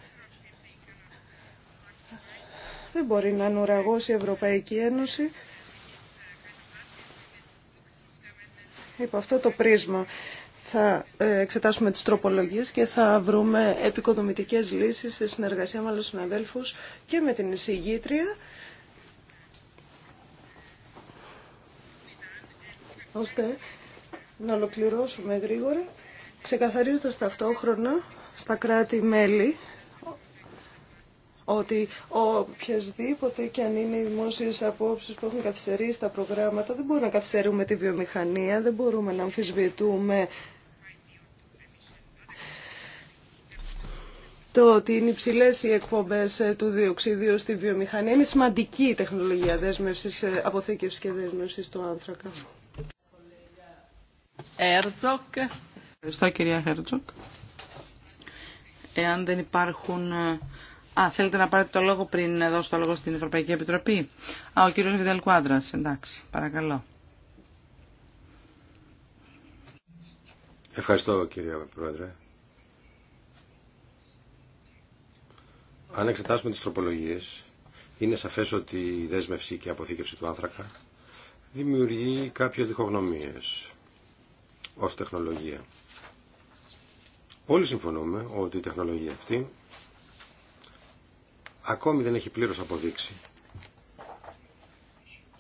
δεν μπορεί να νουραγώσει η Ευρωπαϊκή Ένωση υπό αυτό το πρίσμα θα ε, εξετάσουμε τις τροπολογίες και θα βρούμε επικοδομητικές λύσεις σε συνεργασία με άλλους συναδέλφους και με την εισηγήτρια ώστε να ολοκληρώσουμε γρήγορα ξεκαθαρίζοντας ταυτόχρονα στα κράτη-μέλη ότι οποιασδήποτε και αν είναι οι δημόσιες απόψεις που έχουν καθυστερήσει τα προγράμματα δεν μπορούμε να καθυστερούμε τη βιομηχανία, δεν μπορούμε να αμφισβητούμε το ότι είναι υψηλέ οι εκπομπέ ε, του διοξιδίου στη βιομηχανία. Είναι σημαντική η τεχνολογία δέσμευσης, ε, αποθήκευση και δέσμευση του άνθρακα. Ευχαριστώ κυρία Ερτζοκ Εάν δεν υπάρχουν ε, Α, θέλετε να πάρετε το λόγο πριν να δώσω το λόγο στην Ευρωπαϊκή Επιτροπή. Α, ο κύριος Βιδελ Κουάντρας, εντάξει, παρακαλώ. Ευχαριστώ κύριε Πρόεδρε. Αν εξετάσουμε τις τροπολογίες, είναι σαφές ότι η δέσμευση και η αποθήκευση του άνθρακα δημιουργεί κάποιες διχογνωμίες ως τεχνολογία. Όλοι συμφωνούμε ότι η τεχνολογία αυτή ακόμη δεν έχει πλήρως αποδείξει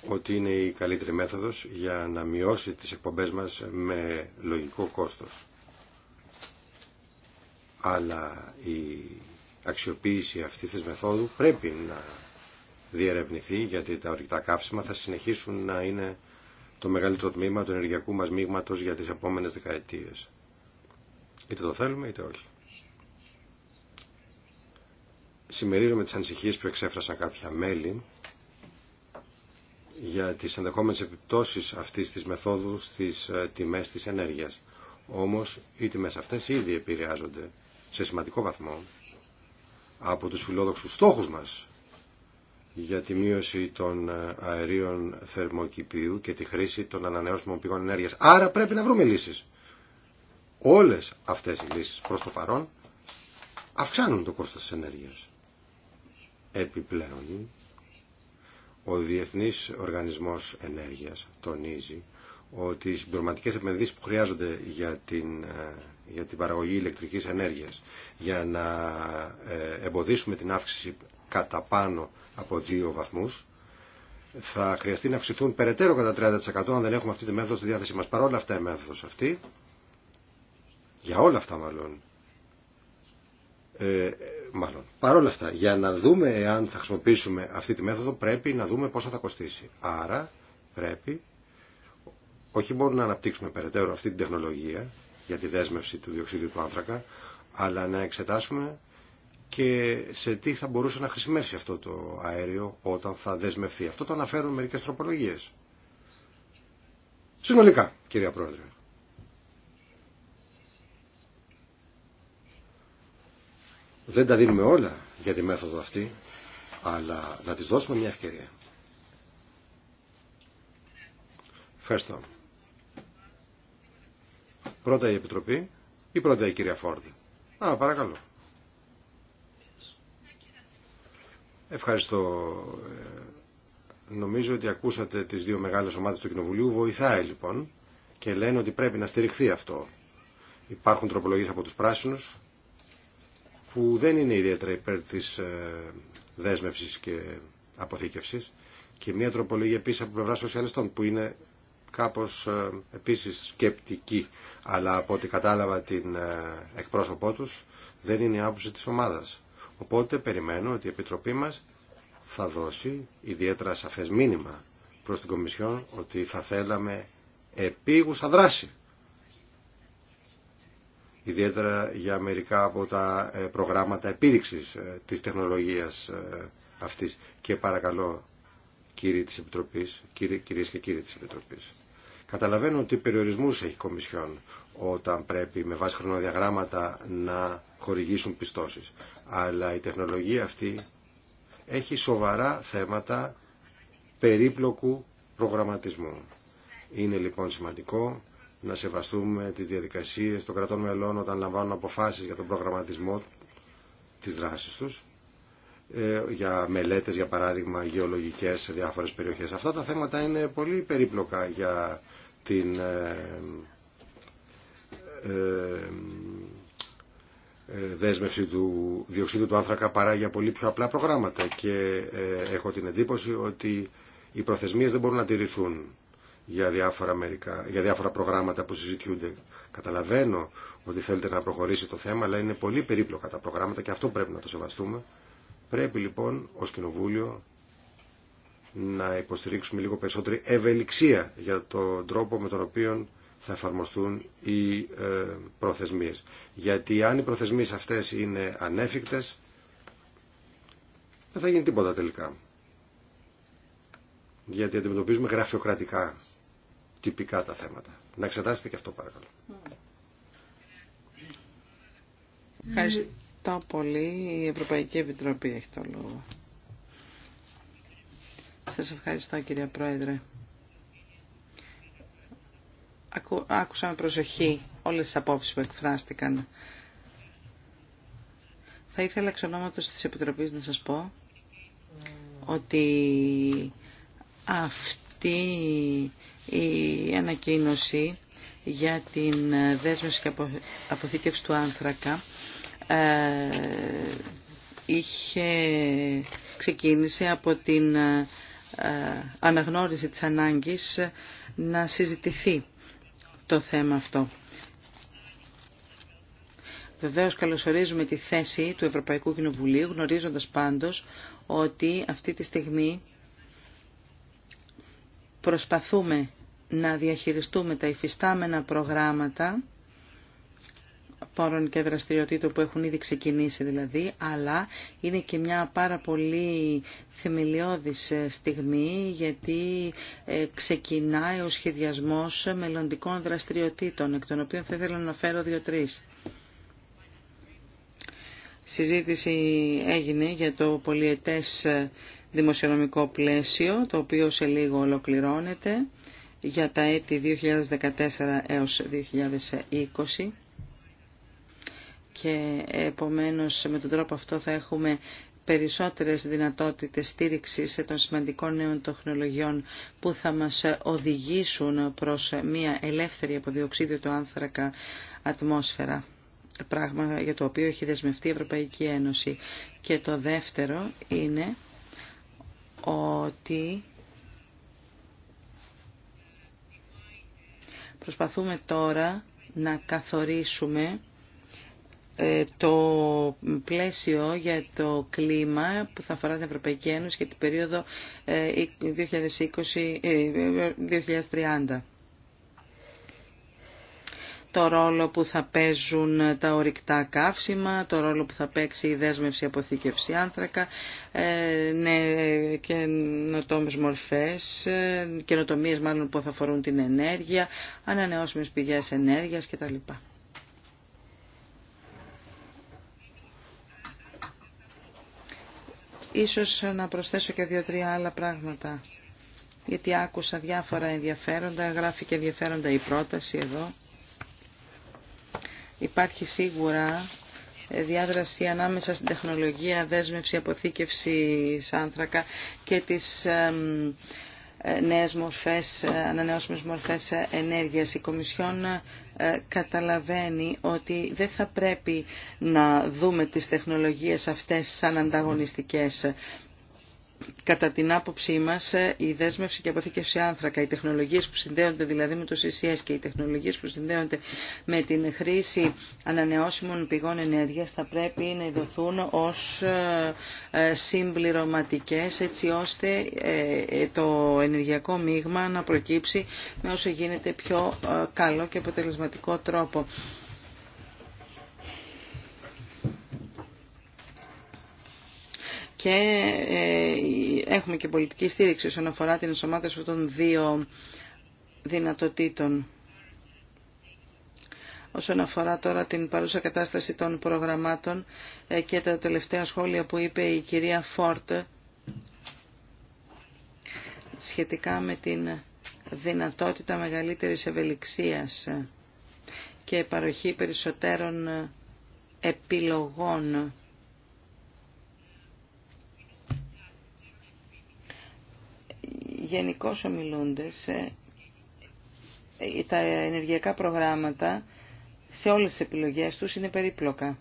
ότι είναι η καλύτερη μέθοδος για να μειώσει τις εκπομπές μας με λογικό κόστος. Αλλά η αξιοποίηση αυτής της μεθόδου πρέπει να διερευνηθεί γιατί τα ορυκτά καύσιμα θα συνεχίσουν να είναι το μεγαλύτερο τμήμα του ενεργειακού μας μείγματος για τις επόμενες δεκαετίες. Είτε το θέλουμε είτε όχι συμμερίζομαι τις ανησυχίες που εξέφρασαν κάποια μέλη για τις ενδεχόμενες επιπτώσεις αυτής της μεθόδου στις ε, τιμές της ενέργειας. Όμως οι τιμές αυτές ήδη επηρεάζονται σε σημαντικό βαθμό από τους φιλόδοξους στόχους μας για τη μείωση των ε, αερίων θερμοκηπίου και τη χρήση των ανανεώσιμων πηγών ενέργειας. Άρα πρέπει να βρούμε λύσεις. Όλες αυτές οι λύσεις προς το παρόν αυξάνουν το κόστος της ενέργειας. Επιπλέον, ο Διεθνής Οργανισμός Ενέργειας τονίζει ότι οι συμπληρωματικές επενδύσεις που χρειάζονται για την, ε, για την παραγωγή ηλεκτρικής ενέργειας για να ε, εμποδίσουμε την αύξηση κατά πάνω από δύο βαθμούς θα χρειαστεί να αυξηθούν περαιτέρω κατά 30% αν δεν έχουμε αυτή τη μέθοδο στη διάθεσή μας. Παρόλα αυτά η μέθοδος αυτή, για όλα αυτά μάλλον, ε, μάλλον. παρόλα αυτά, για να δούμε αν θα χρησιμοποιήσουμε αυτή τη μέθοδο, πρέπει να δούμε πόσο θα κοστίσει. Άρα, πρέπει όχι μόνο να αναπτύξουμε περαιτέρω αυτή την τεχνολογία για τη δέσμευση του διοξίδιου του άνθρακα, αλλά να εξετάσουμε και σε τι θα μπορούσε να χρησιμεύσει αυτό το αέριο όταν θα δεσμευθεί. Αυτό το αναφέρουν μερικές τροπολογίες. Συνολικά, κυρία Πρόεδρε. Δεν τα δίνουμε όλα για τη μέθοδο αυτή, αλλά να τις δώσουμε μια ευκαιρία. Ευχαριστώ. Πρώτα η Επιτροπή ή πρώτα η κυρία Φόρντ. Α, παρακαλώ. Ευχαριστώ. Ε, νομίζω ότι ακούσατε τις δύο μεγάλες ομάδες του Κοινοβουλίου. Βοηθάει λοιπόν και λένε ότι πρέπει να στηριχθεί αυτό. Υπάρχουν τροπολογίες από τους πράσινους που δεν είναι ιδιαίτερα υπέρ της ε, δέσμευσης και αποθήκευσης και μια τροπολογία επίση από πλευρά σοσιαλιστών που είναι κάπως ε, επίσης σκεπτική αλλά από ό,τι κατάλαβα την ε, εκπρόσωπό τους δεν είναι η άποψη της ομάδας. Οπότε περιμένω ότι η Επιτροπή μας θα δώσει ιδιαίτερα σαφές μήνυμα προς την Κομισιόν ότι θα θέλαμε επίγουσα δράση ιδιαίτερα για μερικά από τα ε, προγράμματα επίδειξης ε, της τεχνολογίας ε, αυτής. Και παρακαλώ, κύριοι της Επιτροπής, κύριε, κυρίες και κύριοι της Επιτροπής, καταλαβαίνω ότι περιορισμούς έχει η Κομισιόν όταν πρέπει με βάση χρονοδιαγράμματα να χορηγήσουν πιστώσεις. Αλλά η τεχνολογία αυτή έχει σοβαρά θέματα περίπλοκου προγραμματισμού. Είναι λοιπόν σημαντικό να σεβαστούμε τις διαδικασίες των κρατών μελών όταν λαμβάνουν αποφάσεις για τον προγραμματισμό της δράσης τους, ε, για μελέτες, για παράδειγμα, γεωλογικές σε διάφορες περιοχές. Αυτά τα θέματα είναι πολύ περίπλοκα για την ε, ε, δέσμευση του διοξίδου του άνθρακα παρά για πολύ πιο απλά προγράμματα και έχω την εντύπωση ότι οι προθεσμίες δεν μπορούν να τηρηθούν για διάφορα, μερικά, για διάφορα προγράμματα που συζητιούνται. Καταλαβαίνω ότι θέλετε να προχωρήσει το θέμα, αλλά είναι πολύ περίπλοκα τα προγράμματα και αυτό πρέπει να το σεβαστούμε. Πρέπει λοιπόν ως Κοινοβούλιο να υποστηρίξουμε λίγο περισσότερη ευελιξία για τον τρόπο με τον οποίο θα εφαρμοστούν οι ε, προθεσμίες. Γιατί αν οι προθεσμίες αυτές είναι ανέφικτες, δεν θα γίνει τίποτα τελικά. Γιατί αντιμετωπίζουμε γραφειοκρατικά τυπικά τα θέματα. Να εξετάσετε και αυτό παρακαλώ. Ευχαριστώ πολύ. Η Ευρωπαϊκή Επιτροπή έχει το λόγο. Σας ευχαριστώ κυρία Πρόεδρε. Ακού, άκουσα με προσοχή όλες τις απόψεις που εκφράστηκαν. Θα ήθελα εξ ονόματος της Επιτροπής να σας πω ότι αυτή η ανακοίνωση για την δέσμευση και αποθήκευση του άνθρακα ε, είχε, ξεκίνησε από την ε, αναγνώριση της ανάγκης να συζητηθεί το θέμα αυτό. Βεβαίως καλωσορίζουμε τη θέση του Ευρωπαϊκού Κοινοβουλίου γνωρίζοντας πάντως ότι αυτή τη στιγμή προσπαθούμε να διαχειριστούμε τα υφιστάμενα προγράμματα πόρων και δραστηριοτήτων που έχουν ήδη ξεκινήσει δηλαδή, αλλά είναι και μια πάρα πολύ θεμελιώδης ε, στιγμή γιατί ε, ξεκινάει ο σχεδιασμός μελλοντικών δραστηριοτήτων, εκ των οποίων θα ήθελα να αναφέρω δύο-τρεις. Συζήτηση έγινε για το πολιετές ε, δημοσιονομικό πλαίσιο, το οποίο σε λίγο ολοκληρώνεται για τα έτη 2014 έως 2020 και επομένως με τον τρόπο αυτό θα έχουμε περισσότερες δυνατότητες στήριξης των σημαντικών νέων τεχνολογιών που θα μας οδηγήσουν προς μια ελεύθερη από διοξίδιο του άνθρακα ατμόσφαιρα πράγμα για το οποίο έχει δεσμευτεί η Ευρωπαϊκή Ένωση. Και το δεύτερο είναι ότι προσπαθούμε τώρα να καθορίσουμε ε, το πλαίσιο για το κλίμα που θα αφορά την Ευρωπαϊκή Ένωση για την περίοδο 2020-2030. Ε, το ρόλο που θα παίζουν τα ορυκτά καύσιμα, το ρόλο που θα παίξει η δέσμευση αποθήκευση άνθρακα, ε, ναι, καινοτόμες μορφές, ε, καινοτομίες μάλλον που θα αφορούν την ενέργεια, ανανεώσιμες πηγές ενέργειας κτλ. Ίσως να προσθέσω και δύο-τρία άλλα πράγματα, γιατί άκουσα διάφορα ενδιαφέροντα, γράφει και ενδιαφέροντα η πρόταση εδώ. Υπάρχει σίγουρα ε, διάδραση ανάμεσα στην τεχνολογία, δέσμευση, αποθήκευση άνθρακα και τις ε, νέες μορφές, ε, ανανεώσιμες μορφές ενέργειας. Η Κομισιόν καταλαβαίνει ότι δεν θα πρέπει να δούμε τις τεχνολογίες αυτές σαν ανταγωνιστικές κατά την άποψή μα, ε, η δέσμευση και αποθήκευση άνθρακα, οι τεχνολογίες που συνδέονται δηλαδή με το CCS και οι τεχνολογίες που συνδέονται με την χρήση ανανεώσιμων πηγών ενέργειας θα πρέπει να ειδωθούν ως ε, ε, συμπληρωματικέ έτσι ώστε το ενεργειακό μείγμα να προκύψει με όσο γίνεται πιο καλό και αποτελεσματικό τρόπο. και ε, έχουμε και πολιτική στήριξη όσον αφορά την ενσωμάτωση αυτών των δύο δυνατοτήτων. Όσον αφορά τώρα την παρούσα κατάσταση των προγραμμάτων ε, και τα τελευταία σχόλια που είπε η κυρία Φόρτ σχετικά με την δυνατότητα μεγαλύτερης ευελιξίας και παροχή περισσότερων επιλογών γενικώ ομιλούντες ε, τα ενεργειακά προγράμματα σε όλες τις επιλογές τους είναι περίπλοκα.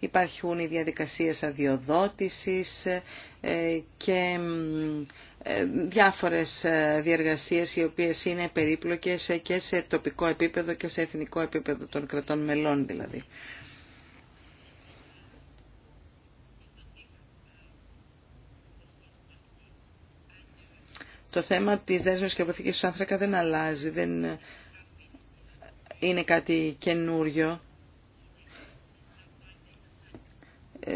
Υπάρχουν οι διαδικασίες αδειοδότησης ε, και ε, διάφορες διεργασίες οι οποίες είναι περίπλοκες και σε τοπικό επίπεδο και σε εθνικό επίπεδο των κρατών μελών δηλαδή. Το θέμα της δέσμευσης και αποθήκης του άνθρακα δεν αλλάζει, δεν είναι κάτι καινούριο.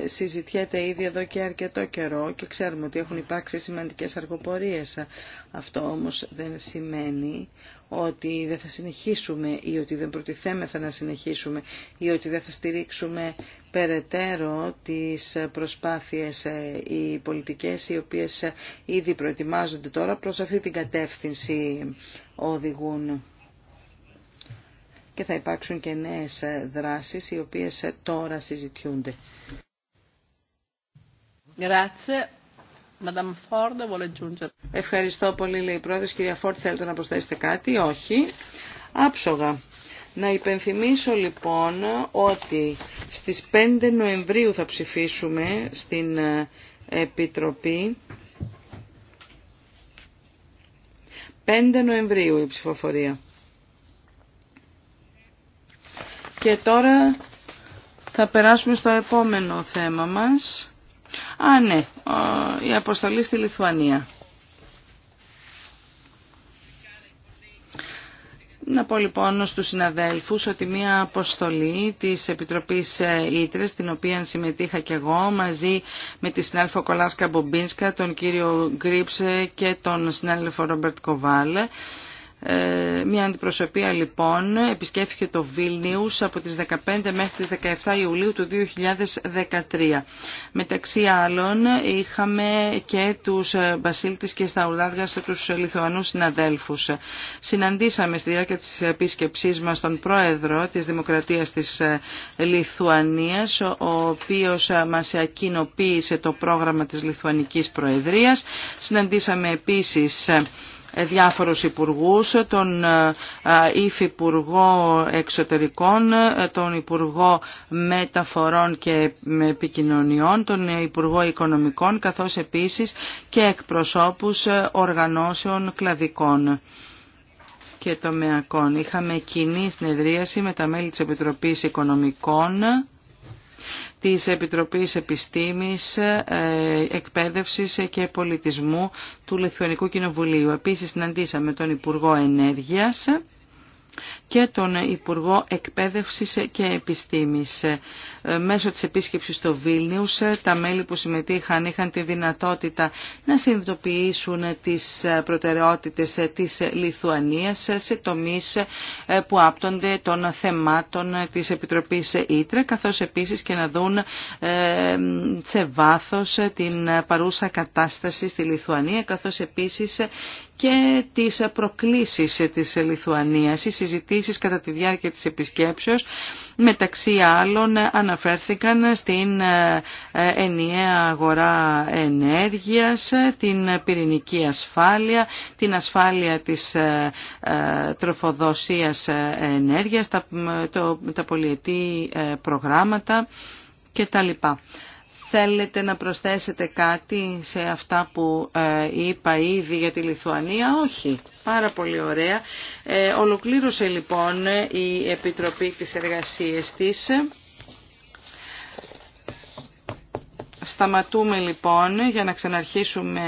συζητιέται ήδη εδώ και αρκετό καιρό και ξέρουμε ότι έχουν υπάρξει σημαντικές αργοπορίες. Αυτό όμως δεν σημαίνει ότι δεν θα συνεχίσουμε ή ότι δεν προτιθέμεθα να συνεχίσουμε ή ότι δεν θα στηρίξουμε περαιτέρω τις προσπάθειες ε, οι πολιτικές οι οποίες ε, ήδη προετοιμάζονται τώρα προς αυτή την κατεύθυνση οδηγούν και θα υπάρξουν και νέες ε, δράσεις οι οποίες τώρα συζητιούνται. Ευχαριστώ πολύ, λέει η πρόεδρος. Κυρία Φόρτ, θέλετε να προσθέσετε κάτι. Όχι. Άψογα. Να υπενθυμίσω λοιπόν ότι στις 5 Νοεμβρίου θα ψηφίσουμε στην ε, Επιτροπή. 5 Νοεμβρίου η ψηφοφορία. Και τώρα θα περάσουμε στο επόμενο θέμα μας. Α, ναι, η αποστολή στη Λιθουανία. Να πω λοιπόν στους συναδέλφους ότι μία αποστολή της Επιτροπής ε, Ήτρε, την οποία συμμετείχα και εγώ, μαζί με τη συνάδελφο Κολάσκα Μπομπίνσκα, τον κύριο Γκρίψε και τον συνάδελφο Ρόμπερτ Κοβάλε, ε, μια αντιπροσωπεία λοιπόν επισκέφθηκε το Βίλνιους από τις 15 μέχρι τις 17 Ιουλίου του 2013. Μεταξύ άλλων είχαμε και τους Μπασίλτης ε, και σε τους Λιθουανούς συναδέλφους. Συναντήσαμε στη διάρκεια της επίσκεψής μας τον Πρόεδρο της Δημοκρατίας της ε, Λιθουανίας ο οποίος μας ακοινοποίησε το πρόγραμμα της Λιθουανικής Προεδρίας. Συναντήσαμε επίσης ε, διάφορους υπουργούς, τον ε, ε, Υφυπουργό Εξωτερικών, τον Υπουργό Μεταφορών και Επικοινωνιών, τον Υπουργό Οικονομικών, καθώς επίσης και εκπροσώπους οργανώσεων κλαδικών και τομεακών. Είχαμε κοινή συνεδρίαση με τα μέλη της Επιτροπής Οικονομικών της Επιτροπής Επιστήμης, ε, Εκπαίδευσης και Πολιτισμού του Λιθουανικού Κοινοβουλίου. Επίσης συναντήσαμε τον Υπουργό Ενέργειας και τον Υπουργό Εκπαίδευσης και Επιστήμης. Ε, μέσω της επίσκεψης στο Βίλνιους, ε, τα μέλη που συμμετείχαν είχαν τη δυνατότητα να συνειδητοποιήσουν τις ε, προτεραιότητες της Λιθουανίας σε τομείς που άπτονται των θεμάτων της Επιτροπής Ήτρα καθώς επίσης και να δουν σε βάθος την παρούσα κατάσταση στη Λιθουανία, καθώς επίσης και τις προκλήσεις της Λιθουανίας. Οι Επίσης, κατά τη διάρκεια της επισκέψεως, μεταξύ άλλων αναφέρθηκαν στην ε, ενιαία αγορά ενέργειας, την πυρηνική ασφάλεια, την ασφάλεια της ε, ε, τροφοδοσίας ενέργειας, τα πολιετή προγράμματα και τα λοιπά. Θέλετε να προσθέσετε κάτι σε αυτά που ε, είπα ήδη για τη Λιθουανία. Όχι. Πάρα πολύ ωραία. Ε, ολοκλήρωσε λοιπόν η Επιτροπή της Εργασίας της. Σταματούμε λοιπόν για να ξαναρχίσουμε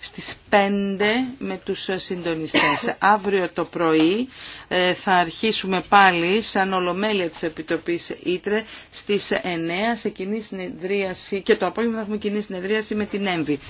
στις 5 με τους συντονιστές. Αύριο το πρωί ε, θα αρχίσουμε πάλι σαν ολομέλεια της Επιτροπής Ήτρε στις 9 σε κοινή και το απόγευμα θα έχουμε κοινή συνεδρίαση με την ΕΜΒΗ.